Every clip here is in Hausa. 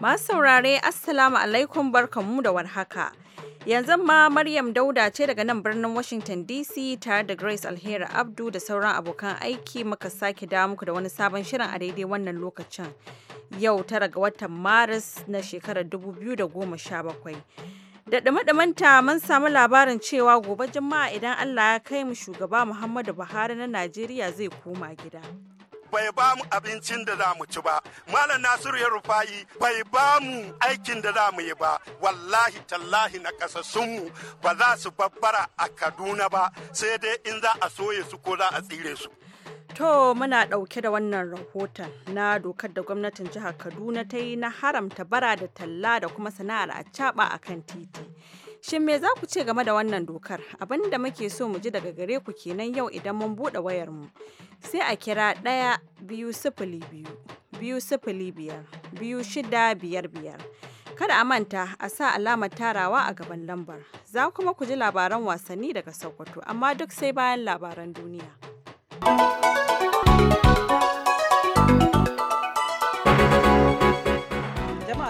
Masu saurare Assalamu alaikum barkanmu da warhaka. Yanzu ma Maryam Dauda ce daga nan birnin Washington DC tare da Grace Alheri Abdu da sauran abokan aiki muka sake da muku da wani sabon shirin a daidai wannan lokacin. Yau tara ga watan Maris na shekarar 2017. da ɗume-ɗumenta mun samu labarin cewa gobe juma'a idan allah ya kai mu shugaba muhammadu buhari na najeriya zai koma gida bai ba mu abincin da za mu ci ba malam nasiru ya rufayi bai ba mu aikin da za mu yi ba wallahi tallahi na kasassunmu ba za su babbara a kaduna ba sai dai in za a soye su ko za a tsire su To muna ɗauke da wannan rahoton na dokar da gwamnatin jihar Kaduna ta yi na haramta bara da talla da kuma sana'ar a a kan titi. Shin me za ku ce game da wannan dokar? Abin da muke so mu ji daga gare ku kenan yau idan mun buɗe wayar mu Sai a kira ɗaya biyu sifili biyu, biyu sifili biyar, biyu shida biyar biyar. Kada a manta a sa alamar tarawa a gaban lambar. Za kuma ku ji labaran wasanni daga Sokoto, amma duk sai bayan labaran duniya.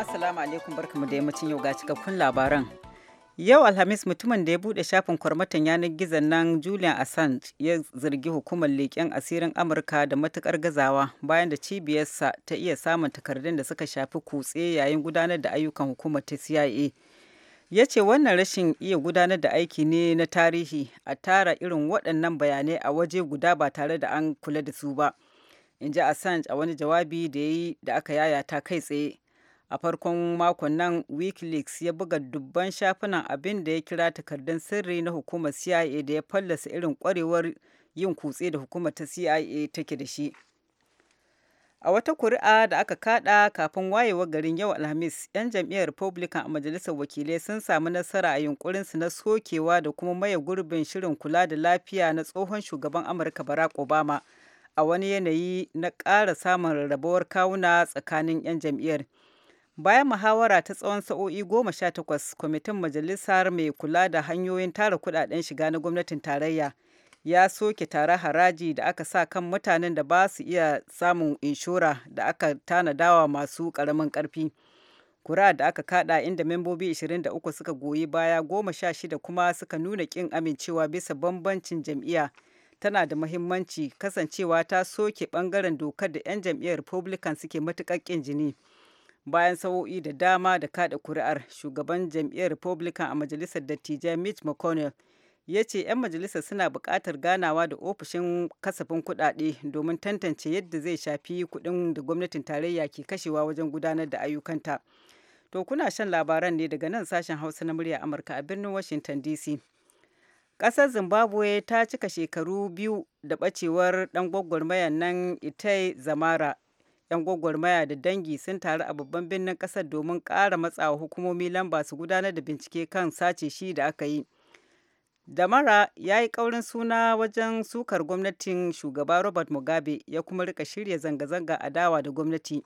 Assalamu alaikum barkamu da yammacin yau ga cikakkun labaran. Yau Alhamis mutumin da ya buɗe shafin kwarmatan yanar gizon nan Julian Assange ya zargi hukumar leƙen asirin Amurka da matukar gazawa bayan da cibiyarsa ta iya samun takardun da suka shafi kutse yayin gudanar da ayyukan hukumar ta CIA. Ya ce wannan rashin iya gudanar da aiki ne na tarihi a tara irin waɗannan bayanai a waje guda ba tare da an kula da su ba. In ji Assange a wani jawabi da ya yi da aka yayata kai tsaye. a farkon makon nan wikileaks ya buga dubban shafunan abin da ya kira takardun sirri na hukumar cia da ya fallasa irin kwarewar yin kutse da hukumar ta cia take da shi a wata kuri'a da aka kada kafin wayewar garin yau alhamis yan jam'iyyar republican a majalisar wakilai sun samu nasara a yunkurinsu na sokewa da kuma maye gurbin shirin kula da lafiya na tsohon shugaban amurka barack obama a wani yanayi na ƙara samun rarrabawar kawuna tsakanin 'yan jam'iyyar bayan muhawara ta tsawon sa'o'i goma sha takwas kwamitin majalisar mai kula da hanyoyin tara kudaden shiga na gwamnatin tarayya ya soke tare haraji da aka sa kan mutanen da ba su iya samun inshora da aka tanadawa masu karamin karfi kura da aka kada inda membobi 23 suka goyi baya goma sha shida kuma suka nuna kin amincewa bisa bambancin jam'iyya tana da muhimmanci kasancewa ta soke bangaren dokar da 'yan jam'iyyar republican suke matuƙar kin jini bayan sa'o'i da dama da kada kuri'ar shugaban jam'iyyar republican a majalisar dattijai mitch mcconnell ya ce 'yan majalisar suna buƙatar ganawa da ofishin kasafin kuɗaɗe domin tantance yadda zai shafi kuɗin da gwamnatin tarayya ke kashewa wajen gudanar da ayyukanta to kuna shan labaran ne daga nan sashen hausa na murya amurka a birnin washington dc ƙasar zimbabwe ta cika shekaru biyu da ɓacewar ɗan gwagwarmayar nan itai zamara 'yan gwagwarmaya da dangi sun taru a babban birnin kasar domin ƙara matsawa hukumomi lamba su gudanar da bincike kan sace shi da aka yi damara ya yi ƙaurin suna wajen sukar gwamnatin shugaba robert mugabe ya kuma rika shirya zanga-zanga adawa da gwamnati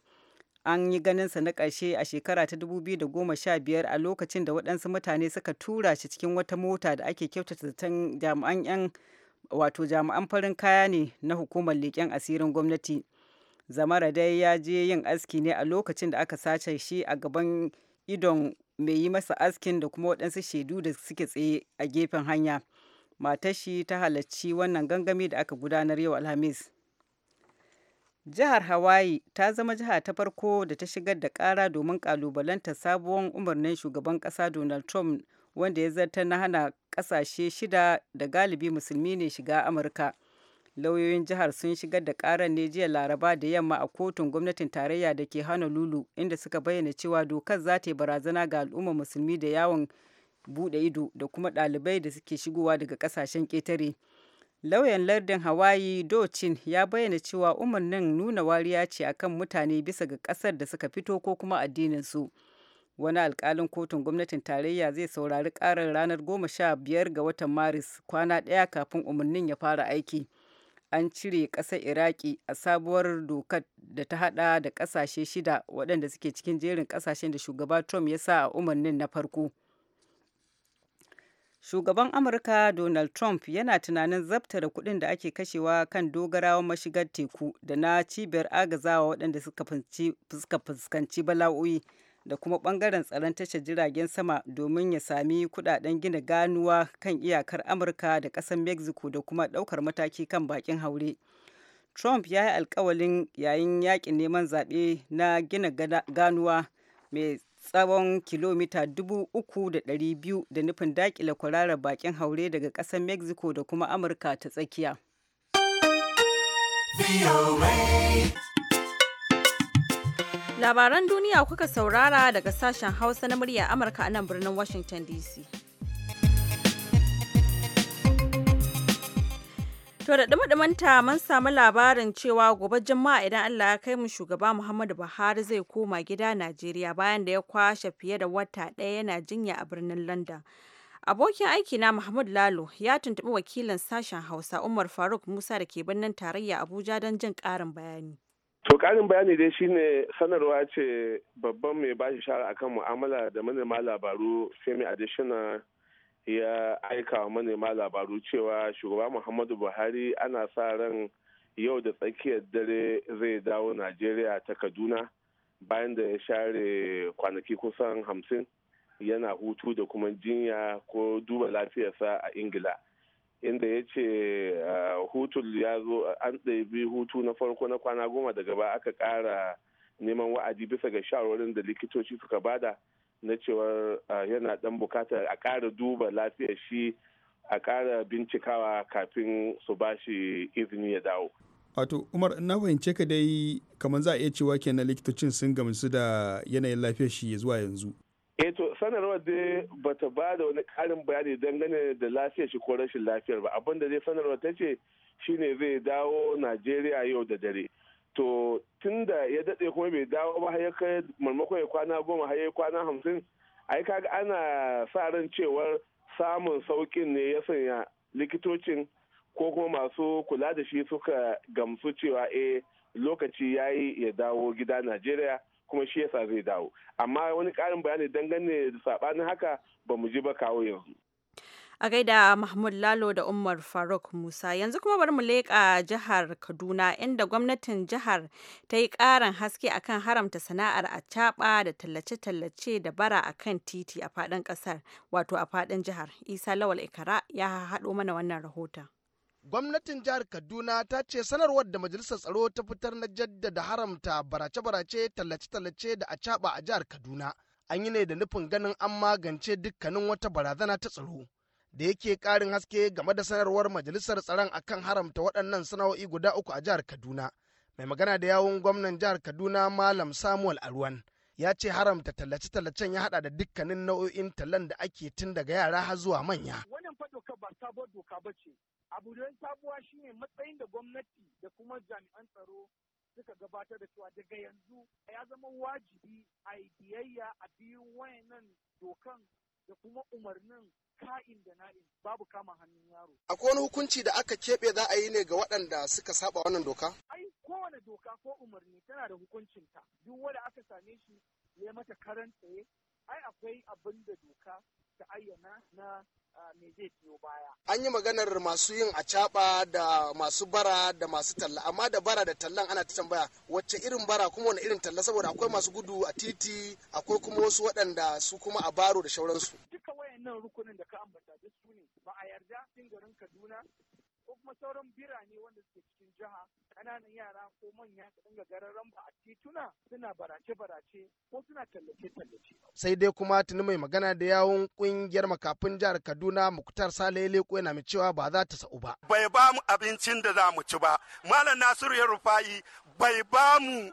an yi ganinsa na ƙarshe a shekara ta 2015 a lokacin da waɗansu mutane suka tura shi cikin wata mota da ake kyautata zaton wato jami'an farin kaya ne na hukumar leƙen asirin gwamnati zamara dai ya je yin aski ne a lokacin da aka sace shi a gaban idon mai yi masa askin da kuma waɗansu shaidu da suke tsaye a gefen hanya matar shi ta halarci wannan gangami da aka gudanar yau alhamis jihar hawaii ta zama jiha ta farko da ta shigar da kara domin kalubalanta sabuwar umarnin shugaban kasa donald trump wanda ya zarta na hana kasashe shida da galibi musulmi ne shiga amurka lauyoyin jihar sun shigar da karar ne jiya laraba da yamma a kotun gwamnatin tarayya da ke hana lulu inda suka bayyana cewa dokar za ta yi barazana ga al'ummar musulmi da yawon bude ido da kuma dalibai da suke shigowa daga kasashen ketare lauyan lardin hawaii docin ya bayyana cewa umarnin nuna wariya ce akan mutane bisa ga kasar da suka fito ko kuma addinin su wani alkalin kotun gwamnatin tarayya zai saurari karar ranar goma sha biyar ga watan maris kwana ɗaya kafin umarnin ya fara aiki. an cire ƙasar iraki a sabuwar dokar da ta hada da ƙasashe shida waɗanda suke cikin jerin ƙasashen da shugaba trump ya sa a umarnin na farko shugaban amurka donald trump yana tunanin zabtara kuɗin da ake kashewa kan dogarawa mashigar teku da na cibiyar agazawa waɗanda suka fuskanci bala'o'i da kuma bangaren tsaron tashar jiragen sama domin ya sami kudaden gina ganuwa kan iyakar amurka da kasar mexico da kuma daukar mataki kan bakin haure trump ya yi alkawalin yayin yakin neman zaɓe na gina ganuwa mai tsawon kilomita 3,200 da nufin dakile kwararar bakin haure daga kasar mexico da kuma amurka ta tsakiya. Labaran duniya kuka saurara daga sashen Hausa na murya Amurka a nan birnin Washington DC. To da dumadumanta mun samu labarin cewa gobe Juma'a idan Allah ya kai mu shugaba Muhammadu Buhari zai koma gida Najeriya bayan da ya kwashe fiye da wata ɗaya yana jinya a birnin London. Abokin aiki na muhammadu Lalo ya tuntuɓi wakilin sashen Hausa Umar Faruk Musa da ke birnin tarayya Abuja don jin ƙarin bayani. To karin bayani dai shine sanarwa ce babban mai bashi shara akan mu'amala da manema labaru Femi Adesina ya aika wa manema labaru cewa shugaba Muhammadu Buhari ana sa ran yau da tsakiyar dare zai dawo Najeriya ta Kaduna bayan da ya share kwanaki kusan hamsin yana hutu da kuma jinya ko duba lafiyarsa a Ingila. inda ya ce ah, hutun ya zo an ɗabi hutu na farko na kwana goma daga ba aka ƙara neman wa'adi bisa ga shawarwarin da likitoci suka bada na cewar ah, yana ɗan bukatar a ƙara duba lafiyar shi a ƙara bincikawa kafin su ba shi izini ya dawo. Wato, Umar, na fahimce ka dai kamar za a iya cewa kenan likitocin sun gamsu da yanayin lafiyar shi zuwa yanzu. eh to sanarwar dai bata ba da wani karin bayani dangane da lafiyar shi ko rashin lafiyar ba abin da zai sanarwar ta ce shine zai dawo najeriya yau da dare to tun da ya daɗe kuma bai dawo ba har ya kai marmakon ya kwana goma har ya kwana hamsin ai kaga ana sa ran cewar samun saukin ne ya sanya likitocin ko kuma masu kula da shi suka gamsu cewa eh lokaci yayi ya dawo gida najeriya kuma shi yasa zai dawo amma wani karin bayani dangane da saɓanin haka ba mu ji ba kawo yanzu a gaida mahmud lalo da umar faruk musa yanzu kuma bari mu leƙa jihar kaduna inda gwamnatin jihar ta yi ƙarin haske akan haramta sana'ar acaɓa da tallace-tallace da bara a kan titi a faɗin ƙasar wato a faɗin jihar isa lawal ikara ya haɗo mana wannan rahoton gwamnatin jihar kaduna ta ce sanarwar da majalisar tsaro ta fitar na jaddada haramta barace-barace tallace-tallace da a a jihar kaduna an yi ne da nufin ganin an magance dukkanin wata barazana ta tsaro da yake karin haske game da sanarwar majalisar tsaron akan haramta waɗannan sana'o'i guda uku a jihar kaduna mai magana da yawun gwamnan jihar kaduna malam samuel arwan ya ce haramta tallace-tallacen ya haɗa da dukkanin nau'o'in tallan da ake tun daga yara har zuwa manya wannan fa abu don sabuwa shine matsayin da gwamnati da kuma jami'an tsaro suka gabatar da cewa daga yanzu ya zama wajibi a biyayya a biyun wayannan dokan da kuma umarnin ka'in da na'in babu kama hannun yaro. Akwai wani hukunci da aka keɓe za a yi ne ga waɗanda suka saba wannan doka? Ai kowane doka ko umarni tana da hukuncinta duk wanda aka same shi ya mata karan tsaye ai akwai abin da doka ta ayyana na me zai biyo baya. An yi maganar masu yin acaɓa da masu bara da masu talla amma da bara da tallan ana ta tambaya wacce irin bara kuma wani irin talla saboda akwai masu gudu a titi akwai kuma wasu waɗanda su kuma a baro da shauransu. Duka wayannan rukunin da ka ambata su ne ba a yarda cikin garin Kaduna ko kuma sauran birane wanda suke cikin jiha ƙananan yara ko manya su dinga gararan ba a tituna suna barace-barace ko suna tallace-tallace. Sai dai kuma tuni mai magana da yawun ƙungiyar makafin jihar Kaduna Muktar Sale Leko yana mai cewa ba za ta sa'u ba. Bai ba mu abincin da za mu ci ba. Malam Nasiru ya yi, bai ba mu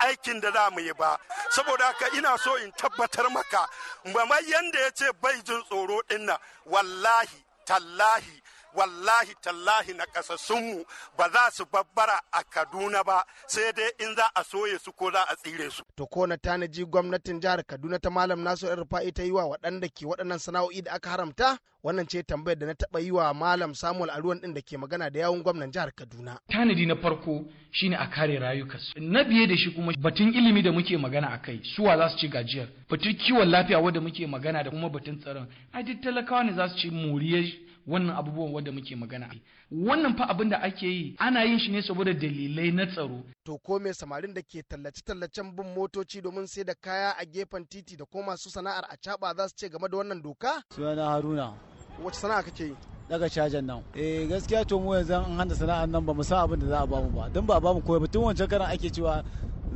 aikin da za mu yi ba. Saboda haka ina so in tabbatar maka. Mamai yanda ya ce bai jin tsoro ɗin wallahi tallahi wallahi tallahi na kasassunmu ba za su babbara a kaduna ba sai dai in za a soye su ko za a tsire su. to ko na tanaji gwamnatin jihar kaduna ta malam nasu rufa'i ta yi wa waɗanda ke waɗannan sana'o'i da aka haramta wannan ce tambayar da na taɓa yi wa malam samuel aruwan ɗin da ke magana da yawun gwamnan jihar kaduna. tanadi na farko shine a kare rayukansu na biye da shi kuma batun ilimi da muke magana a kai suwa za su ci gajiyar batun kiwon lafiya wadda muke magana da kuma batun tsaron ai duk talakawa ne za su ci moriyar wannan abubuwan wanda muke magana wannan fa abin da ake yi ana yin shi ne saboda dalilai na tsaro to ko me samarin da ke tallace tallacen bin motoci domin sai da kaya a gefen titi da ko masu sana'ar a caba za su ce game da wannan doka suna haruna wace sana'a kake yi daga cajan nan eh gaskiya to mu yanzu an hana sana'ar nan ba mu san abin da za a bamu ba don ba a mu koyi ba tun wancan karan ake cewa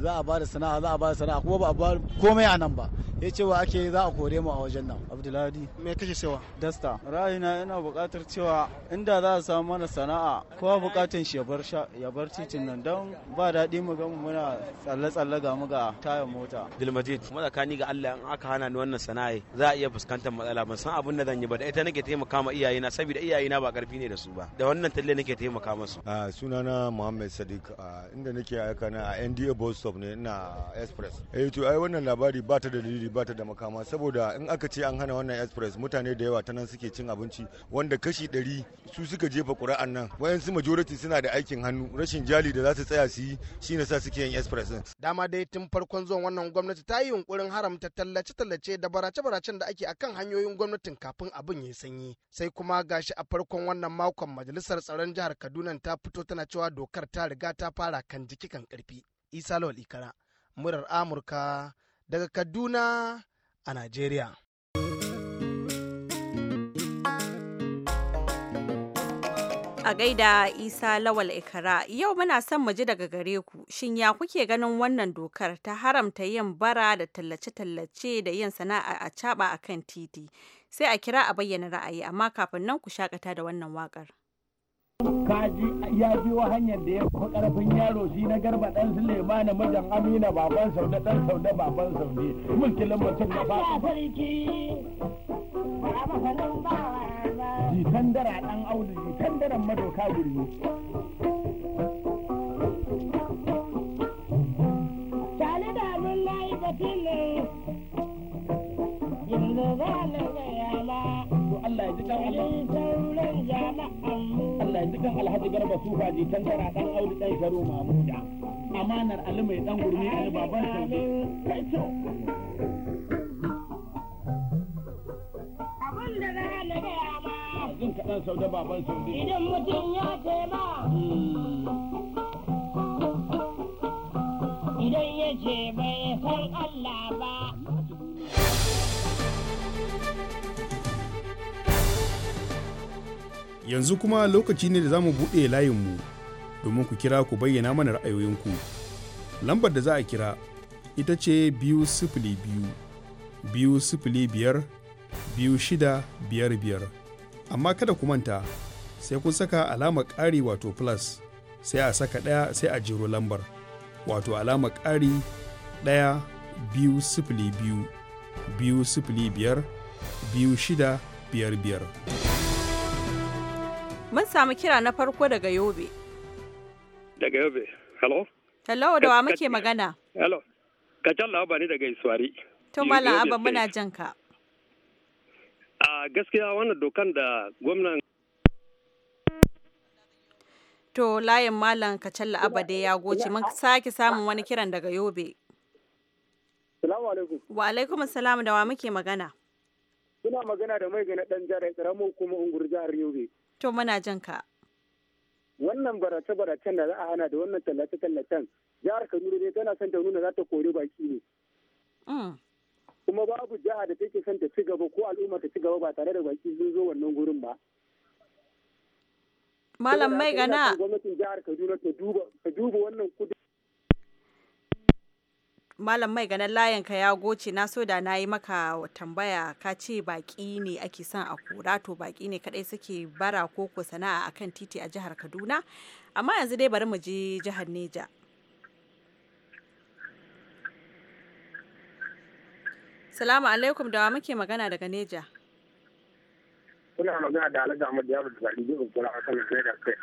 za a bada sana'a za a bada sana'a kuma ba a ba komai a nan ba ya ce wa ake za a kore mu a wajen nan Abdullahi. me kake cewa dasta ra'ayina yana buƙatar cewa inda za a samu mana sana'a kowa buƙatar shi ya bar titin nan don ba daɗi mu ga muna tsalle-tsalle ga mu ga tayar mota dilmajid kuma tsakani ga Allah in aka hana ni wannan sana'a za a iya fuskantar matsala ban san abin da zan yi ba da ita nake taimaka ma iyayena saboda iyayena ba karfi ne da su ba da wannan talle nake taimaka musu a sunana Muhammad Sadiq inda nake aika na a NDA Boston stop ne na express eh to ai wannan labari ba ta da dalili ba ta da makama saboda in aka ce an hana wannan express mutane da yawa ta nan suke cin abinci wanda kashi ɗari su suka jefa ƙuri'an nan wayansu majority suna da aikin hannu rashin jali da za su tsaya su yi shine sa suke yin express din dama dai tun farkon zuwan wannan gwamnati ta yi yunkurin haramta tallace-tallace da barace-baracen da ake akan hanyoyin gwamnatin kafin abin ya sanyi sai kuma gashi a farkon wannan makon majalisar tsaron jihar Kaduna ta fito tana cewa dokar ta riga ta fara kan jiki kan karfi isa lawal ikara murar amurka daga kaduna a najeriya a gaida isa lawal ikara yau muna son mu ji daga gare ku shin ya kuke ganin wannan dokar ta haramta yin bara da tallace-tallace da yin sana'a a caba a kan titi sai a kira a bayyana ra'ayi amma kafin nan ku shakata da wannan wakar. kaji ya biyo hanyar da ya fi karfin yaro shi na garba dan sulema na mijin amina baban sau da dan sau da baban sau ne mulkilin mutum na ba jitan dara dan auli jitan daren madoka gurbi Allah ya dukan Alhaji Garba Sufa ji jikan tana dan auri dan Garo Mamuda amanar Ali mai dan gurmi Ali baban sa kai to abin da na halaga ma jin kadan sau da baban sau idan mutum ya ce ma hmm. idan ya ce bai san Allah yanzu kuma lokaci ne da za mu buɗe layinmu domin ku kira ku bayyana mana ra'ayoyinku lambar da za a kira ita ce biyu sifili biyu biyu sifili biyar biyu shida biyar biyar amma kada ku manta sai kun saka alamar ƙari wato plus sai a saka ɗaya sai a jiro lambar wato alamar ƙari ɗaya biyu sifili biyu biyu sifili biyar biyu shida biyar biyar. Mun samu kira na farko daga Yobe. Daga Yobe. Hello? Hello, da wa muke magana? Hello. ka Kacan Abba ne daga Iswari. To Malam Abba muna jan ka. A gaskiya wannan dokan da gwamnan To layin Malam ka Kacan Abba dai ya goce mun sake samun wani kiran daga Yobe. Salamu alaikum. Wa alaikum salam da wa muke magana? Suna magana da mai gana ɗan jihar Karamin kuma Ungur jihar Yobe. To muna jan ka. Wannan barace-baracen da za a hana da wannan tallace-tallacen jihar Kaduna dai tana son ta nuna za ta kori baki ne. Mm. Kuma babu jiha da take son ta ci gaba ko al'umma ta ci gaba ba tare da baki sun zo wannan gurin ba. Malam mai gana. Gwamnatin jihar Kaduna ta duba wannan kudin Malam mai ganin layin ka ya goce na so da na yi maka tambaya ka ce baki ne ake son a kora to baki ne kadai suke bara ko sana'a akan titi a jihar Kaduna amma yanzu dai bari mu je jihar Neja. Salamu alaikum da muke magana daga Neja. Kuna magana da Alhaji Amadu Yaro daga Lijibin Kula a kan Nigeria State.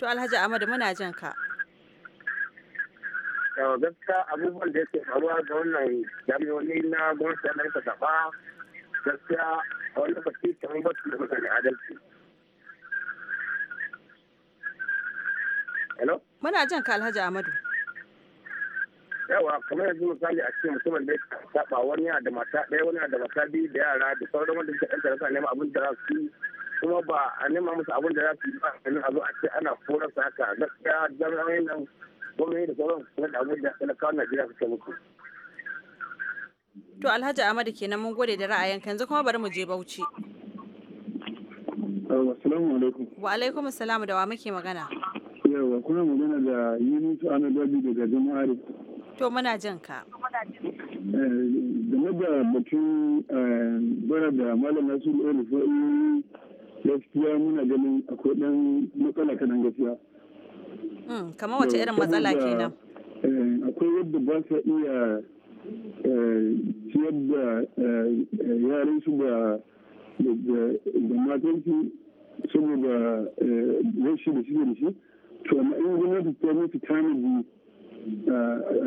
To Alhaji Ahmad muna jan ka. gaskiya abubuwan da yake faruwa da wannan jami'oni na gwamnati da ka gaba gaskiya a wani lokaci kamar ba su da mutane adalci. Hello? Muna jan ka Alhaji Amadu. Yawa kamar yanzu misali a cikin mutumin da ya saba wani yana da mata ɗaya wani yana da mata biyu da yara da sauran wanda suka ɗanta rasa neman abin da za su kuma ba a nema musu abin da za su yi ba a zo a ce ana korarsa haka gaskiya jami'an nan da da da To Alhaji amadu kenan mun gode da ra'ayin yanzu kuma bari mu je Bauchi. Assalamu alaikum. Wa alaikum assalam da wa muke magana. Yawa kuna magana da Yunus Anadabi daga jama'ar. To muna jin ka. Eh, game da batun eh, bara da Malam Nasiru Elifai gaskiya muna ganin akwai ɗan matsala kanan gaskiya. Hmm, kamar wace irin matsala kenan eh, akwai yadda ba sa iya eh, ciyar da eh, yaran su ba da matansu saboda rashi da suke da shi to amma in gina su ta musu tanadi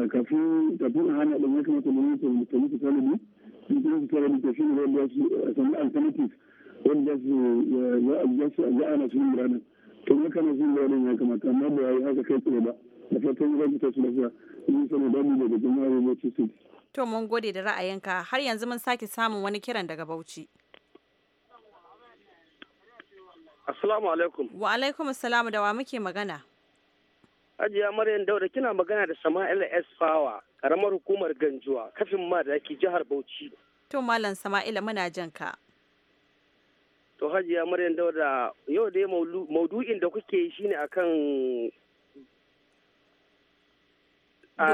kafin kafin hana ɗan ya kamata gwamnati ta musu tanadi in kuma su tanadi ta shi ne wanda su a sami alternative wanda su za a ana su muranin to ba kana jin daɗin ya kamata amma ba yi haka kai tsaye ba da fatan za mu tashi lafiya mun sanar da mu daga jama'a ya bauchi city. to mun gode da ra'ayinka har yanzu mun sake samun wani kiran daga bauchi. assalamu alaikum. wa alaikum assalamu da wa muke magana. Hajiya Maryam Dauda kina magana da Sama'il S. Fawa, karamar hukumar Ganjuwa, kafin ma da ake jihar Bauchi. To Malam Sama'ila muna jan ka. To hajiya Maryam Dauda yau dai maudu'in da kuke yi shine akan a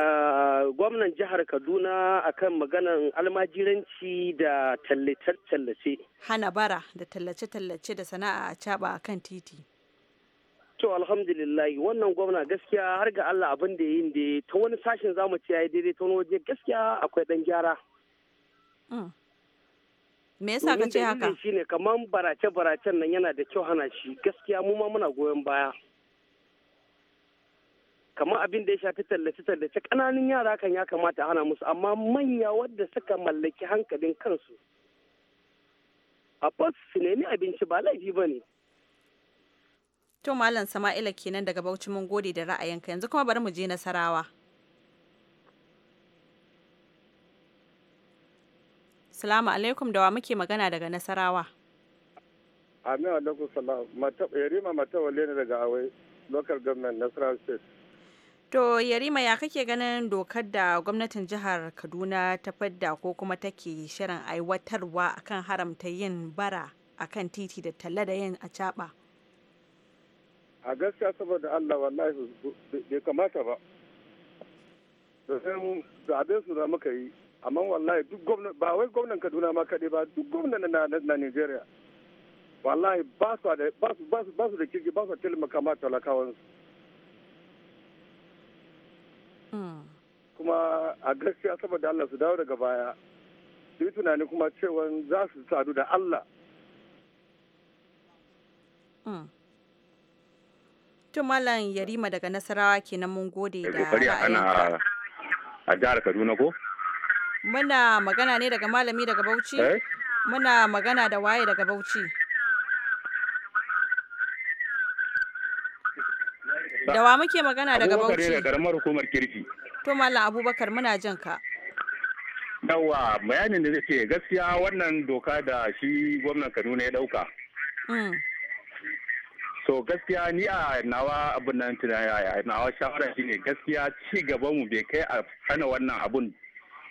gwamnan jihar Kaduna akan maganan almajiranci da tallace-tallace. Hana bara da tallace-tallace da sana'a a caba kan titi. To alhamdulillah wannan gwamna gaskiya har ga Allah abin da yin da ta wani sashen zamu ci ya yi daidai ta wani waje gaskiya akwai dan gyara. Mm. me yasa ka ce haka shi ne kamar barace baracen nan yana da kyau hana shi gaskiya mu ma muna goyon baya kamar abin da ya shafi tallace tallace kananun yara kan ya kamata hana musu amma manya wadda suka mallaki hankalin kansu a su nemi abinci ba laifi ba ne to malam sama'ila kenan daga bauchi mun gode da ra'ayinka yanzu kuma bari mu je nasarawa Salamu alaikum da wa muke magana daga Nasarawa. Amin alaikum salam. Yarima Matawale ne daga Awai, local government Nasarawa state. To Yarima ya kake ganin dokar da gwamnatin jihar Kaduna ta fadda ko kuma take shirin aiwatarwa akan haramta yin bara akan titi da talla da yin acaɓa. A gaskiya saboda Allah wallahi bai kamata ba. Da abin su da muka yi amma wallahi duk gwamnan ba wai gwamnan kaduna ma kaɗai ba duk gwamnan na na nigeria wallahi ba su da kirki ba su da kirki ba su talakawan hmm. kuma a gaskiya saboda Allah su dawo daga baya su yi tunani kuma cewa za su sadu da Allah hmm. tumalan Yarima daga Nasarawa kenan mun gode da ra'ayinka. A jihar Kaduna ko? Muna magana ne daga malami daga Bauchi? Eh? Muna magana da waye daga Bauchi? Da wa muke magana daga Bauchi? Abubakar hukumar kirki. To Malam Abubakar muna jin ka. Yawa bayanin da zai ce gaskiya wannan doka da shi gwamnan Kaduna ya dauka. Mm. So gaskiya ni a nawa abin nan nawa shawara shine gaskiya ci gabanmu mu bai kai a hana wannan abun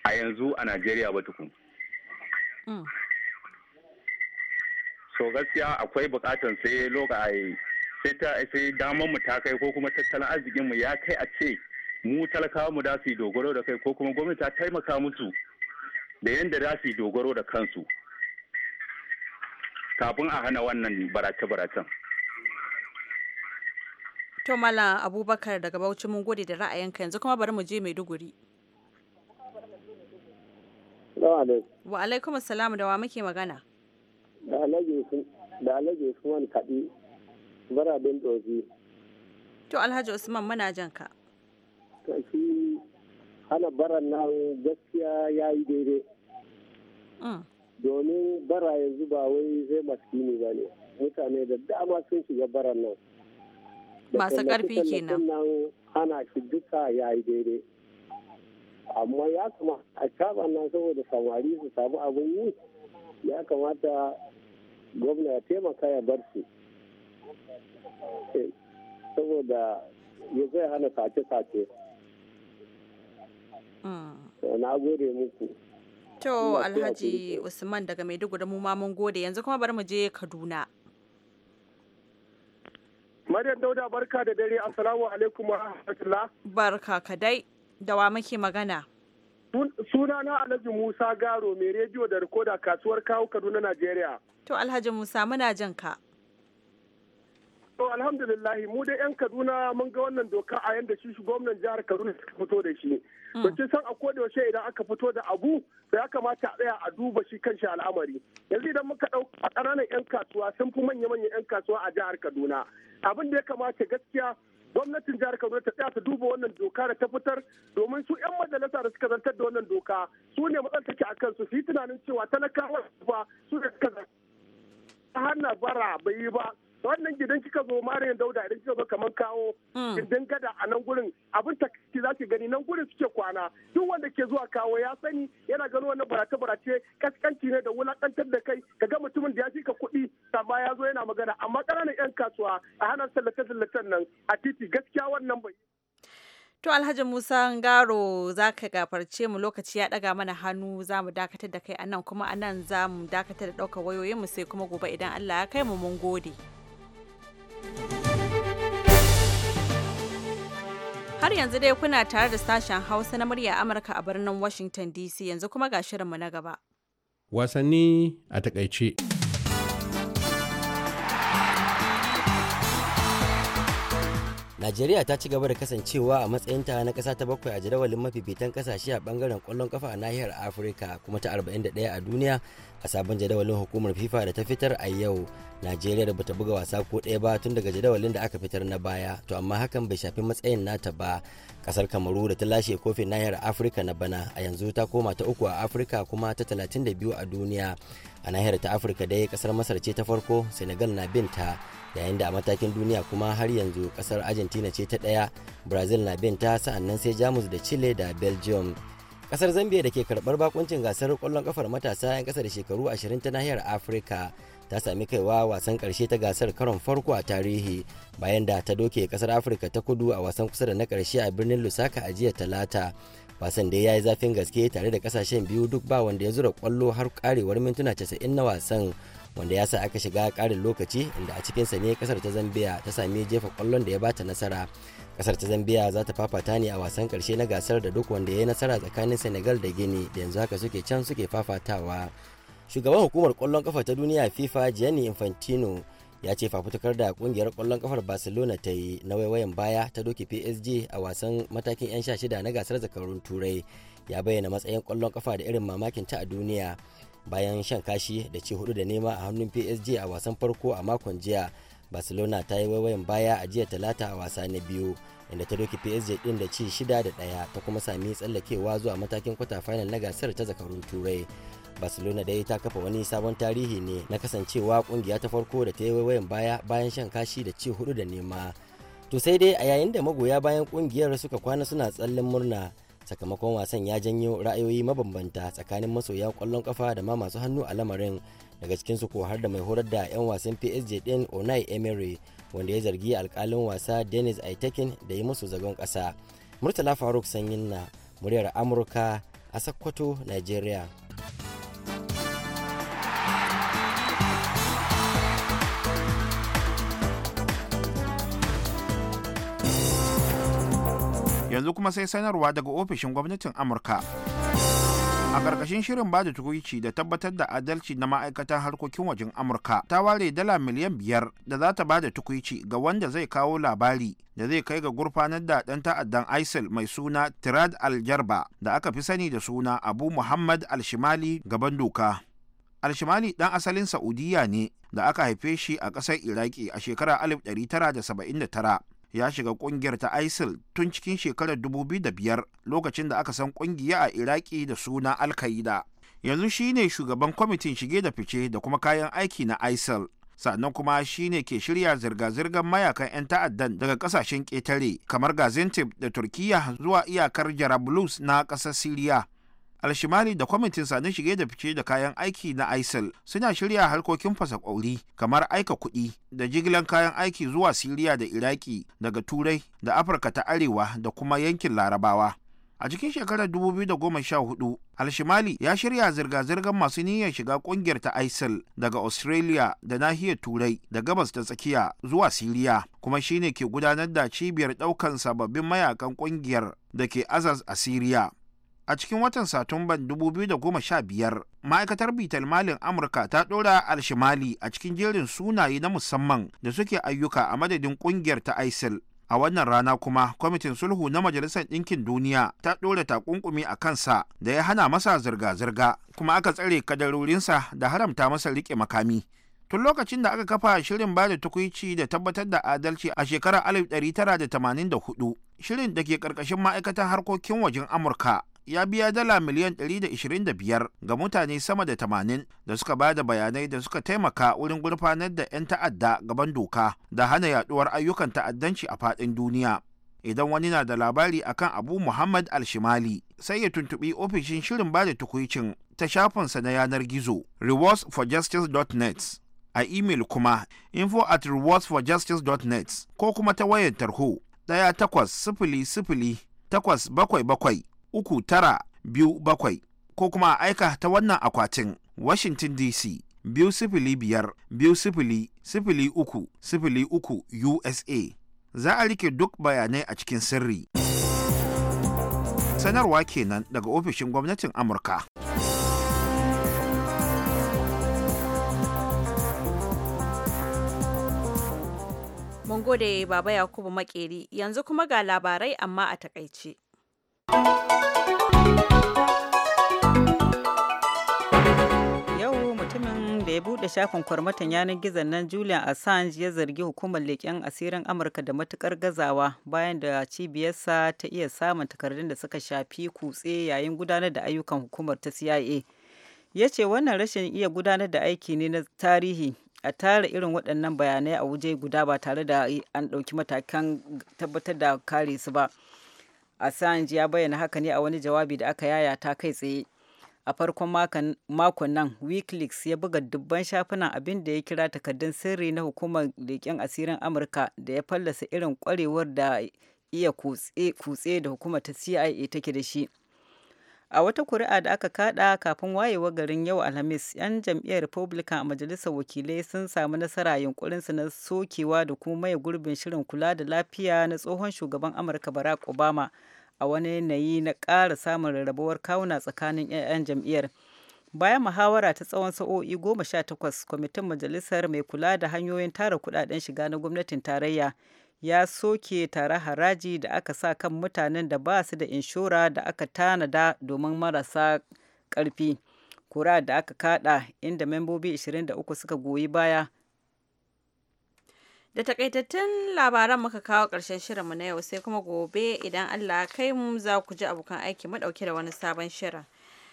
a yanzu a najeriya ba tukun mm. so gaskiya akwai bukatan sai lokaci sai ta sai damar mu ta kai ko kuma tattalin arzikin mu ya kai a ce mu talakawa mu da su dogaro da kai ko kuma gwamnati ta taimaka musu da yanda za su dogaro da kansu kafin a hana wannan barace-baracen. To Mala Abubakar daga Bauchi mun gode da ra'ayinka yanzu kuma bari mu je Maiduguri. Wa alaikum assalamu da wa muke magana. Da Alhaji Usman Kaɗi, bin Dozi. To Alhaji Usman muna jan ka. To shi hana baran nan gaskiya ya yi daidai. Mm. Domin bara yanzu ba wai zai maskini ba ne. Mutane da dama sun shiga baran nan. Masu ƙarfi kenan. Ana shi duka ya yi daidai. amma ya kamata a caba nan saboda samari su samu abin yi ya kamata gwamna ya taimaka ya bar su eh, saboda ya zai hana sace-sace hmm. na gode muku to alhaji usman daga maiduguri mu ma mun gode yanzu kuma bari mu je kaduna Maryam Dauda barka da dare assalamu alaikum wa rahmatullah barka kadai Da wa muke magana? Suna na Alhaji Musa Garo mai rediyo da rikoda kasuwar kawo Kaduna Najeriya. To Alhaji Musa muna jin ka. To alhamdulillahi mu da 'yan Kaduna mun ga wannan doka a yanda shi gwamnan jihar Kaduna suka fito da shi. Mm. Bincin san a koda yaushe idan aka fito da abu da ya kamata a tsaya a duba shi kan shi al'amari. Yanzu idan muka ɗauka ƙananan 'yan kasuwa sun fi manya-manyan 'yan kasuwa a jihar Kaduna. Abin da ya kamata gaskiya gwamnatin jihar kaduna ta tsaya ta duba wannan doka da ta fitar domin su 'yan majalisa da suka zartar da wannan doka su ne matsar take a kansu su yi tunanin cewa talakawa ba su ne suka zartar hana bara bai yi ba wannan gidan kika zo mariyan dauda idan kika zo kamar kawo hmm. idan gada a nan gurin abin ta za ki gani nan gurin suke kwana duk wanda ke zuwa kawo ya sani yana gano wannan barace barace kaskanci ne da wulakantar da kai ka ga mutumin da ya fi ka kuɗi amma ya zo yana magana amma ƙananan 'yan kasuwa a hana tallace tallacen nan a titi gaskiya wannan bai To Alhaji Musa Ngaro za ka gafarce mu lokaci ya ɗaga mana hannu za mu dakatar da kai a nan kuma a nan za mu dakatar da ɗaukar wayoyinmu sai kuma gobe idan Allah ya kai mu mun gode. Har yanzu dai kuna tare da sashen Hausa na murya Amurka a birnin Washington DC yanzu kuma ga shirinmu na gaba. Wasanni a takaice. Najeriya ta ci gaba da kasancewa a matsayinta na kasa ta bakwai a jadawalin mafifitan kasashe a bangaren kwallon kafa a nahiyar Afirka kuma ta 41 a duniya a sabon jadawalin hukumar FIFA da ta fitar a yau. Najeriya da bata buga wasa ko ɗaya ba tun daga jadawalin da aka fitar na baya to amma hakan bai shafi matsayin nata ba. Kasar Kamaru da ta lashe kofin nahiyar Afirka na bana a yanzu ta koma ta uku a Afirka kuma ta 32 a duniya. A nahiyar ta Afirka dai kasar Masar ce ta farko Senegal na binta. yayin da a matakin duniya kuma har yanzu kasar argentina ce ta daya brazil na bin ta sa'annan sai jamus da chile da belgium kasar zambia da ke karbar bakuncin gasar kwallon kafar matasa 'yan kasa da shekaru 20 ta nahiyar afirka ta sami kaiwa wasan karshe ta gasar karon farko a tarihi bayan da ta doke kasar afirka ta kudu a wasan kusa da na karshe a birnin lusaka a jiya talata wasan da ya yi zafin gaske tare da kasashen biyu duk ba wanda ya zura kwallo har karewar mintuna 90 na wasan wanda ya sa aka shiga karin lokaci inda a cikinsa ne kasar ta zambia ta sami jefa kwallon da ya bata nasara kasar ta zambia za ta fafata ne a wasan karshe na gasar da duk wanda ya yi nasara tsakanin senegal da gini da yanzu haka suke can suke fafatawa shugaban hukumar kwallon kafa ta duniya fifa gianni infantino ya ce fafutukar da kungiyar kwallon kafar barcelona ta yi na waiwayen baya ta doki psg a wasan matakin 'yan sha shida na gasar zakarun turai ya bayyana matsayin kwallon kafa da irin mamakin ta a duniya bayan shan kashi da ci hudu da nema a hannun psg a wasan farko a makon jiya barcelona ta yi waiwayin baya a jiya talata a wasa na biyu inda ta doki psg din da ci shida da daya ta kuma sami tsallakewa zuwa matakin kwata final na gasar ta zakarun turai barcelona dai ta kafa wani sabon tarihi ne na kasancewa kungiya ta farko da ta yi waiwayin baya bayan shan kashi da ci hudu da nema to sai dai a yayin da magoya bayan kungiyar suka kwana suna tsallin murna sakamakon wasan ya janyo ra'ayoyi mabambanta tsakanin masoya kwallon kafa da ma masu hannu a lamarin daga cikinsu ko har da mai horar da 'yan wasan psg din onai emery wanda ya zargi alkalin wasa dennis aitekin da yi musu zagon kasa murtala faruk sanyin na muryar amurka a sakkwato nigeria yanzu kuma sai sanarwa daga ofishin gwamnatin amurka a ƙarƙashin shirin ba da tukuici da tabbatar da adalci na ma'aikatan harkokin wajen amurka ta ware dala miliyan biyar da za ta ba da tukuici ga wanda zai kawo labari da zai kai ga gurfanar da ɗan ta'addan isil mai suna tirad aljarba da aka fi sani da suna abu muhammad alshimali gaban doka alshimali ɗan asalin saudiya ne da aka haife shi a ƙasar iraki a shekarar 1979 ya shiga kungiyar ta isil tun cikin shekarar 2005 lokacin da aka san kungiya a iraki da suna alkaida yanzu shine shugaban kwamitin shige da fice da kuma kayan aiki na isil sannan kuma shine ke shirya zirga-zirgar mayakan 'yan ta'addan daga kasashen ƙetare kamar gazintib da turkiya zuwa iyakar jarablus na ƙasar siriya alshimari da sa na shige da fice da kayan aiki na isil suna shirya harkokin fasa kwauri kamar aika kuɗi da jigilan kayan aiki zuwa siriya da iraki daga turai da afirka ta arewa da kuma yankin larabawa a cikin shekarar 2014 alshimali ya shirya zirga-zirgar masu niyyar shiga kungiyar ta isil daga australia da nahiyar turai da gabas ta tsakiya zuwa siriya kuma shine ke gudanar da cibiyar ɗaukan sababbin mayakan kungiyar da ke azaz a siriya a cikin watan satumban 2015 ma'aikatar bitar malin amurka ta ɗora alshimali a cikin jerin sunaye na musamman da suke ayyuka a madadin ƙungiyar ta isil a wannan rana kuma kwamitin sulhu na majalisar ɗinkin duniya ta ɗora takunkumi a kansa da ya hana masa zirga-zirga kuma aka tsare kadarorinsa da haramta masa riƙe makami tun lokacin da aka kafa shirin ba da tukuici da tabbatar da adalci a shekarar 1984 shirin da ke ƙarƙashin ma'aikatan harkokin wajen amurka ya biya dala miliyan 125 ga mutane sama da 80 da suka ba da bayanai da suka taimaka wurin gurfanar da 'yan ta'adda gaban doka da hana yaduwar ayyukan ta'addanci a fadin duniya. Idan wani na da labari akan Abu Muhammad Alshimali sai ya tuntuɓi ofishin shirin ba da tukuicin ta shafinsa na yanar gizo rewardsforjustice.net a imel kuma info at rewardsforjustice.net ko kuma ta wayar tarho ɗaya takwas sifili sifili takwas bakwai bakwai uku tara biyu bakwai ko kuma a aika ta wannan akwatin Washington DC biyu sifili biyar biyu sifili sifili uku sifili uku USA. Za a rike duk bayanai a cikin sirri. Sanarwa kenan daga ofishin gwamnatin Amurka. Mun gode Baba Yakubu Makeri yanzu kuma ga labarai amma a takaice. Yau mutumin da ya buɗe shafin kwarmatan yanar gizon nan Julian Assange ya zargi hukumar leƙen asirin Amurka da matukar gazawa bayan da cibiyarsa ta iya samun takardun da suka shafi kutse yayin gudanar da ayyukan hukumar ta CIA. Ya ce wannan rashin iya gudanar da aiki ne na tarihi a tara irin waɗannan bayanai a waje guda ba tare da an ɗauki matakan tabbatar da kare su ba. assange ya bayyana haka ne a wani jawabi da aka yaya ta kai tsaye a farkon makon nan wikileaks ya buga dubban shafunan abin da ya kira takaddun sirri na hukumar leƙen asirin amurka da ya fallasa irin kwarewar da iya kutse da hukumar ta cia take da shi a wata kuri'a da aka kada kafin wayewa garin yau alhamis yan jam'iyyar republican a majalisar wakilai sun samu nasara yunkurin su na sokewa da kuma maye gurbin shirin kula da lafiya na tsohon shugaban amurka barack obama a wani yanayi na ƙara samun rarrabuwar kawuna tsakanin 'yan jam'iyyar bayan muhawara ta tsawon sa'o'i goma sha takwas kwamitin majalisar mai kula da hanyoyin tara kudaden shiga na gwamnatin tarayya ya soke tare haraji da aka sa kan mutanen da ba su da inshora da aka tanada domin marasa karfi Kura da aka kada inda membobi 23 suka goyi baya. Da takaitattun labaran muka kawo ƙarshen shirinmu na yau sai kuma gobe idan Allah kai mu za ku ji abokan aiki mu ɗauke da wani sabon shirin.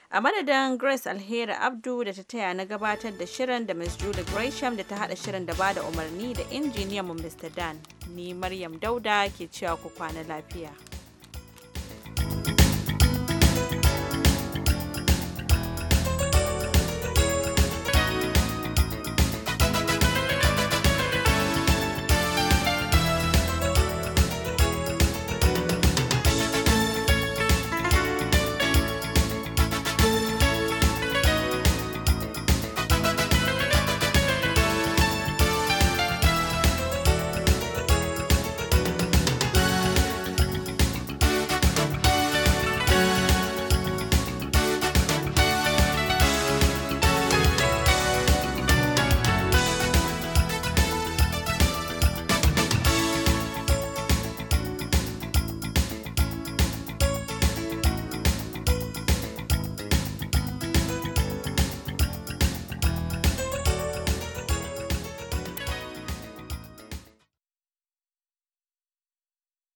a madadin grace alheri abdu da ta taya na gabatar da shirin da ms julie gresham da ta hada shirin da bada umarni da injiniyan mu mr dan ni maryam dauda ke cewa ku kwana lafiya